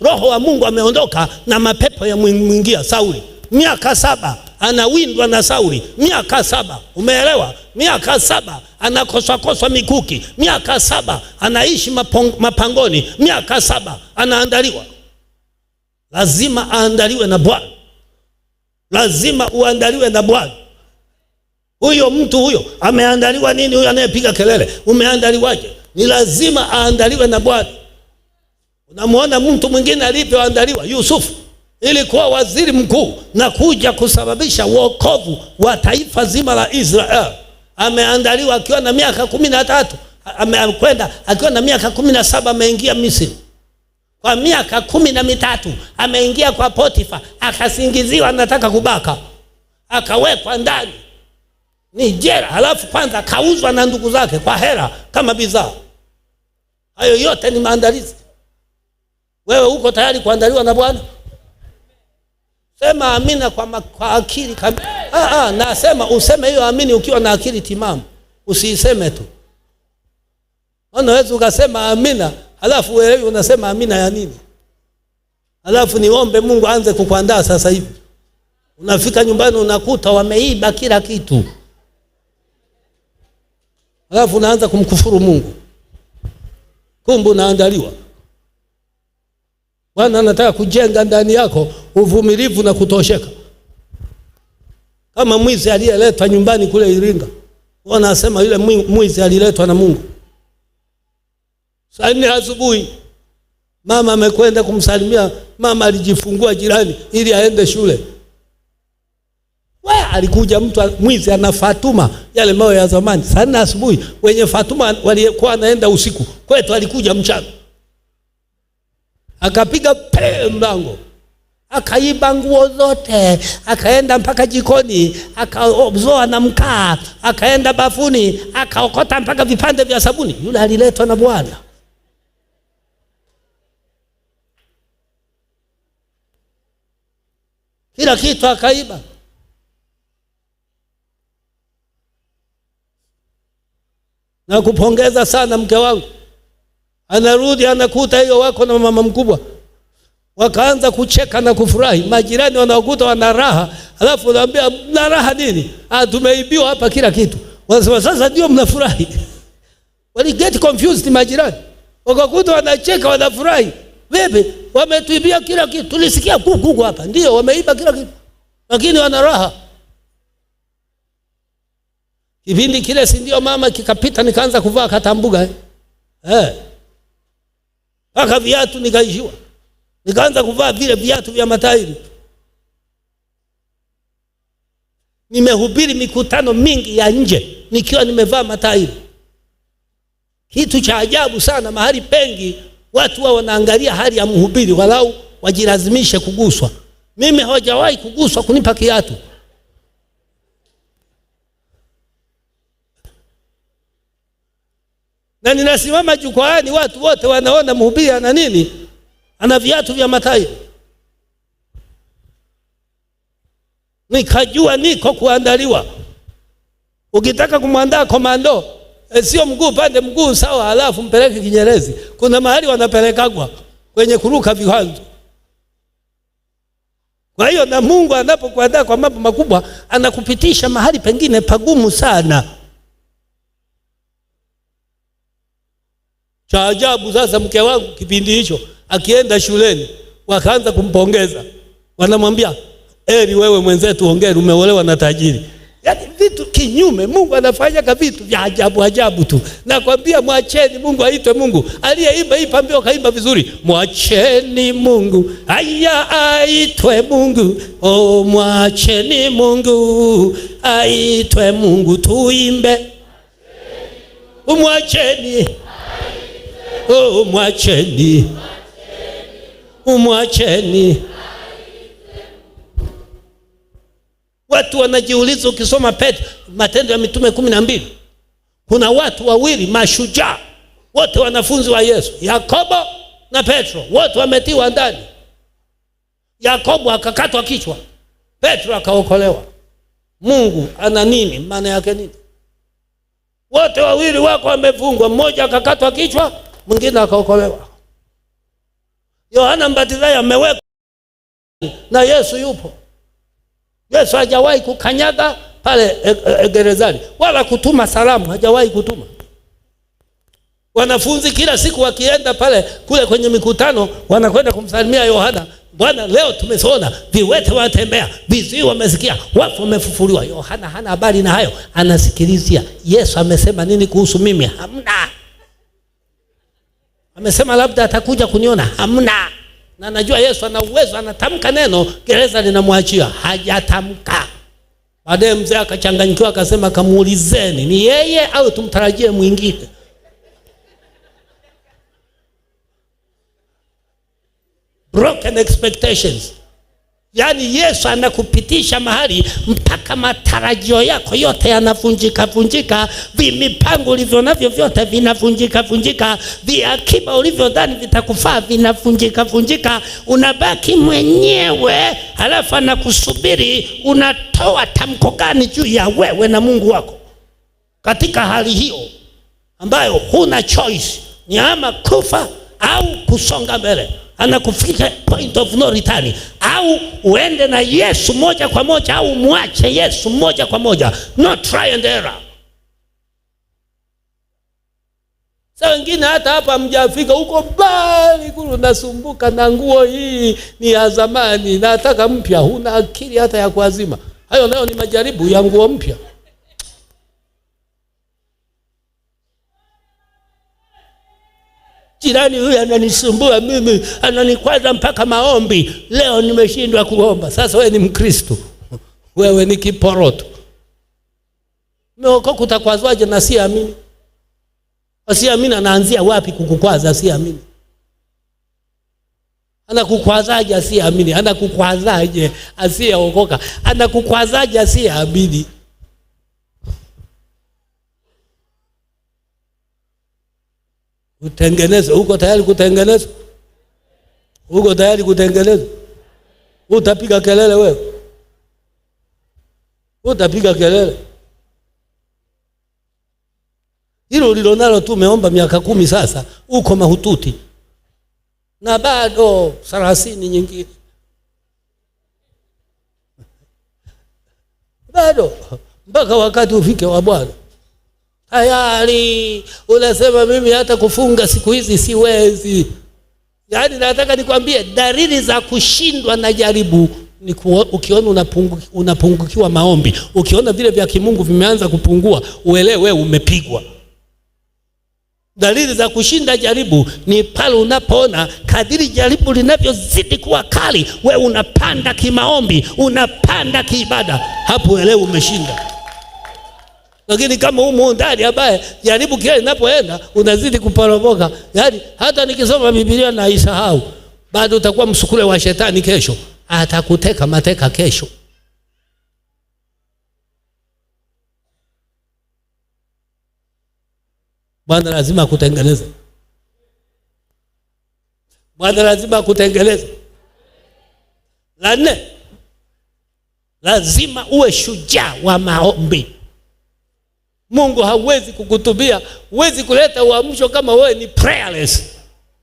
Roho wa Mungu ameondoka na mapepo yamwingia Sauli. Miaka saba anawindwa na Sauli, miaka saba. Umeelewa? Miaka saba anakoswakoswa mikuki, miaka saba anaishi mapong, mapangoni, miaka saba anaandaliwa. Lazima aandaliwe na Bwana, lazima uandaliwe na Bwana. Huyo mtu huyo ameandaliwa nini? Huyo anayepiga kelele umeandaliwaje? Ni lazima aandaliwe na Bwana. Unamwona mtu mwingine alivyoandaliwa Yusufu ilikuwa waziri mkuu na kuja kusababisha wokovu wa taifa zima la Israeli. Ameandaliwa akiwa na miaka kumi na tatu amekwenda akiwa na miaka kumi na saba ameingia Misri kwa miaka kumi na mitatu ameingia kwa Potifa, akasingiziwa anataka kubaka, akawekwa ndani ni jela, halafu kwanza akauzwa na ndugu zake kwa hela kama bidhaa. Hayo yote ni maandalizi. Wewe uko tayari kuandaliwa na Bwana? Sema amina kwa, ma, kwa akili kamili. Ah, ah, nasema useme hiyo amini ukiwa na akili timamu, usiiseme tu. Unaweza ukasema amina halafu wewe unasema amina ya nini? Halafu niombe Mungu aanze kukuandaa sasa hivi. Unafika nyumbani unakuta wameiba kila kitu, halafu unaanza kumkufuru Mungu, kumbe unaandaliwa. Bwana anataka kujenga ndani yako uvumilivu na kutosheka, kama mwizi aliyeletwa nyumbani kule Iringa. Wanasema yule mwizi aliletwa na Mungu. Saa nne asubuhi mama amekwenda kumsalimia, mama alijifungua jirani ili aende shule. Waya, alikuja mtu mwizi ana Fatuma, yale mawe ya zamani. Saa nne asubuhi, wenye Fatuma walikuwa wanaenda usiku, kwetu alikuja mchana akapiga mlango, akaiba nguo zote, akaenda mpaka jikoni, akazoa na mkaa, akaenda bafuni, akaokota mpaka vipande vya sabuni. Yule aliletwa na Bwana. Kila kitu akaiba. Nakupongeza sana mke wangu. Anarudi anakuta hiyo wako na mama mkubwa, wakaanza kucheka na kufurahi. Majirani wanaokuta wana raha, alafu unaambia na raha nini? Ah, tumeibiwa hapa kila kitu. Wanasema sasa ndio mnafurahi. Wali get confused majirani, wakakuta wanacheka wanafurahi. Vipi, wametuibia kila kitu, tulisikia kuku hapa, ndio wameiba kila kitu, lakini wana raha. Kipindi kile si ndio mama kikapita, nikaanza kuvaa katambuga eh. Eh mpaka viatu nikaishiwa, nikaanza kuvaa vile viatu vya matairi. Nimehubiri mikutano mingi ya nje nikiwa nimevaa matairi, kitu cha ajabu sana. Mahali pengi watu wao wanaangalia hali ya mhubiri, walau wajilazimishe kuguswa. Mimi hawajawahi kuguswa kunipa kiatu. na ninasimama jukwaani, watu wote wanaona mhubiri ana nini, ana viatu vya matairi. Nikajua niko kuandaliwa. Ukitaka kumwandaa komando e, sio mguu pande mguu sawa, halafu mpeleke Kinyerezi. Kuna mahali wanapelekagwa kwenye kuruka viwanzo. Kwa hiyo na Mungu anapokuandaa kwa mambo makubwa, anakupitisha mahali pengine pagumu sana. Cha ajabu sasa, mke wangu kipindi hicho akienda shuleni, wakaanza kumpongeza, wanamwambia eri wewe mwenzetu, hongera, umeolewa na tajiri. Yaani vitu kinyume. Mungu anafanya vitu vya ajabu ajabu tu. Nakwambia mwacheni Mungu aitwe Mungu. Aliyeimba hii pambio kaimba vizuri. Mwacheni Mungu. aya aitwe Mungu. O, mwacheni Mungu. Aitwe Mungu tuimbe. Mwacheni. Oh, mwacheni, umwacheni. Watu wanajiuliza, ukisoma Petro, Matendo ya Mitume kumi na mbili, kuna watu wawili mashujaa, wote wanafunzi wa Yesu, Yakobo na Petro, wote wametiwa ndani. Yakobo akakatwa kichwa, Petro akaokolewa. Mungu ana nini? Maana yake nini? Wote wawili wako wamefungwa, mmoja akakatwa kichwa mwingine akaokolewa. Yohana Mbatizaji amewekwa na Yesu yupo. Yesu hajawahi kukanyaga pale e, e, e, gerezani wala kutuma salamu, hajawahi kutuma. Wanafunzi kila siku wakienda pale kule kwenye mikutano wanakwenda kumsalimia Yohana, Bwana, leo tumesona viwete watembea, viziwi wamesikia, wafu wamefufuliwa. Yohana hana habari na hayo, anasikilizia Yesu amesema nini kuhusu mimi, hamna amesema labda atakuja kuniona, hamna. Na najua Yesu ana uwezo, anatamka neno, gereza linamwachia. Hajatamka. Baadaye mzee akachanganyikiwa, akasema, kamuulizeni ni yeye au tumtarajie mwingine? Broken expectations. Yaani Yesu anakupitisha mahali mpaka matarajio yako yote yanavunjika vunjika, vimipango ulivyo navyo vyote vinavunjika vunjika, viakiba ulivyo dhani vitakufaa vinavunjika vunjika, unabaki mwenyewe, halafu anakusubiri. Unatoa tamko gani juu ya wewe na Mungu wako katika hali hiyo ambayo huna choice, ni ama kufa au kusonga mbele? anakufikisha point of no return, au uende na Yesu moja kwa moja, au mwache Yesu moja kwa moja, no try and error. Sa wengine hata hapa mjafika huko bali kulu unasumbuka na nguo hii ni ya zamani, nataka mpya, huna akili hata ya kuazima. Hayo nayo ni majaribu ya nguo mpya. Jirani huyu ananisumbua mimi, ananikwaza mpaka maombi. Leo nimeshindwa kuomba. Sasa wewe ni Mkristo, wewe ni kiporoto. Umeokoka, utakwazwaje na siamini? Asiamini anaanzia wapi kukukwaza? Siamini anakukwazaje? Asiamini anakukwazaje? Asiyeokoka anakukwazaje? Asiyeamini. utengeneze. Uko tayari kutengeneza Uko tayari kutengenezwa? Utapiga kelele wewe? Utapiga kelele? Hilo ulilonalo tu umeomba miaka kumi sasa, uko mahututi na bado thelathini nyingine bado, mpaka wakati ufike wa Bwana tayari unasema mimi hata kufunga siku hizi siwezi. Yaani nataka nikwambie dalili za kushindwa na jaribu ni ukiona unapungu, unapungukiwa maombi, ukiona vile vya kimungu vimeanza kupungua, uelewe umepigwa. Dalili za kushinda jaribu ni pale unapoona kadiri jaribu linavyozidi kuwa kali, we unapanda kimaombi, unapanda kiibada, hapo uelewe umeshinda lakini kama humo ndani ambaye jaribu kila linapoenda unazidi kuporomoka. Yaani hata nikisoma Biblia na isahau bado utakuwa msukule wa shetani. Kesho atakuteka mateka kesho. Bwana lazima akutengeneze. Bwana lazima akutengeneze. La nne, lazima uwe shujaa wa maombi. Mungu hawezi kukutubia, huwezi kuleta uamsho kama wewe ni prayerless,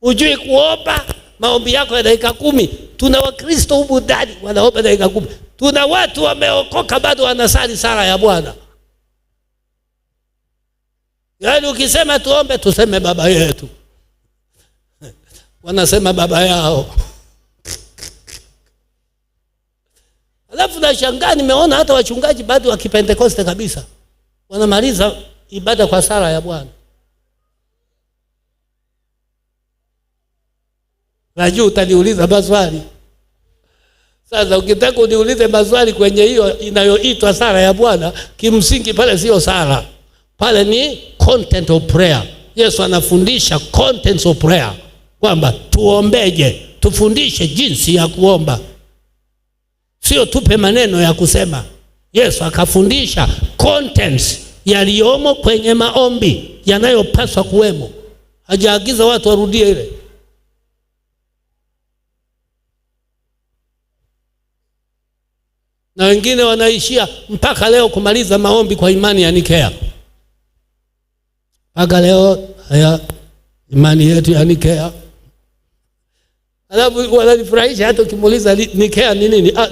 hujui kuomba. Maombi yako ya dakika kumi. Tuna Wakristo humu ndani wanaomba dakika kumi. Tuna watu wameokoka bado wanasali sala ya Bwana. Yaani ukisema tuombe, tuseme baba yetu, wanasema baba yao. Alafu nashangaa, nimeona hata wachungaji bado wa Kipentekoste kabisa wanamaliza ibada kwa sala ya Bwana. Najua utaniuliza maswali sasa. Ukitaka uniulize maswali kwenye hiyo inayoitwa sala ya Bwana, kimsingi pale siyo sala, pale ni content of prayer. Yesu anafundisha contents of prayer kwamba tuombeje, tufundishe jinsi ya kuomba, sio tupe maneno ya kusema. Yesu akafundisha contents yaliyomo kwenye maombi yanayopaswa kuwemo. Hajaagiza watu warudie ile. Na wengine wanaishia mpaka leo kumaliza maombi kwa imani ya Nikea. Mpaka leo haya imani yetu ya Nikea. Alafu wanajifurahisha hata ukimuuliza Nikea ni nini? Ah,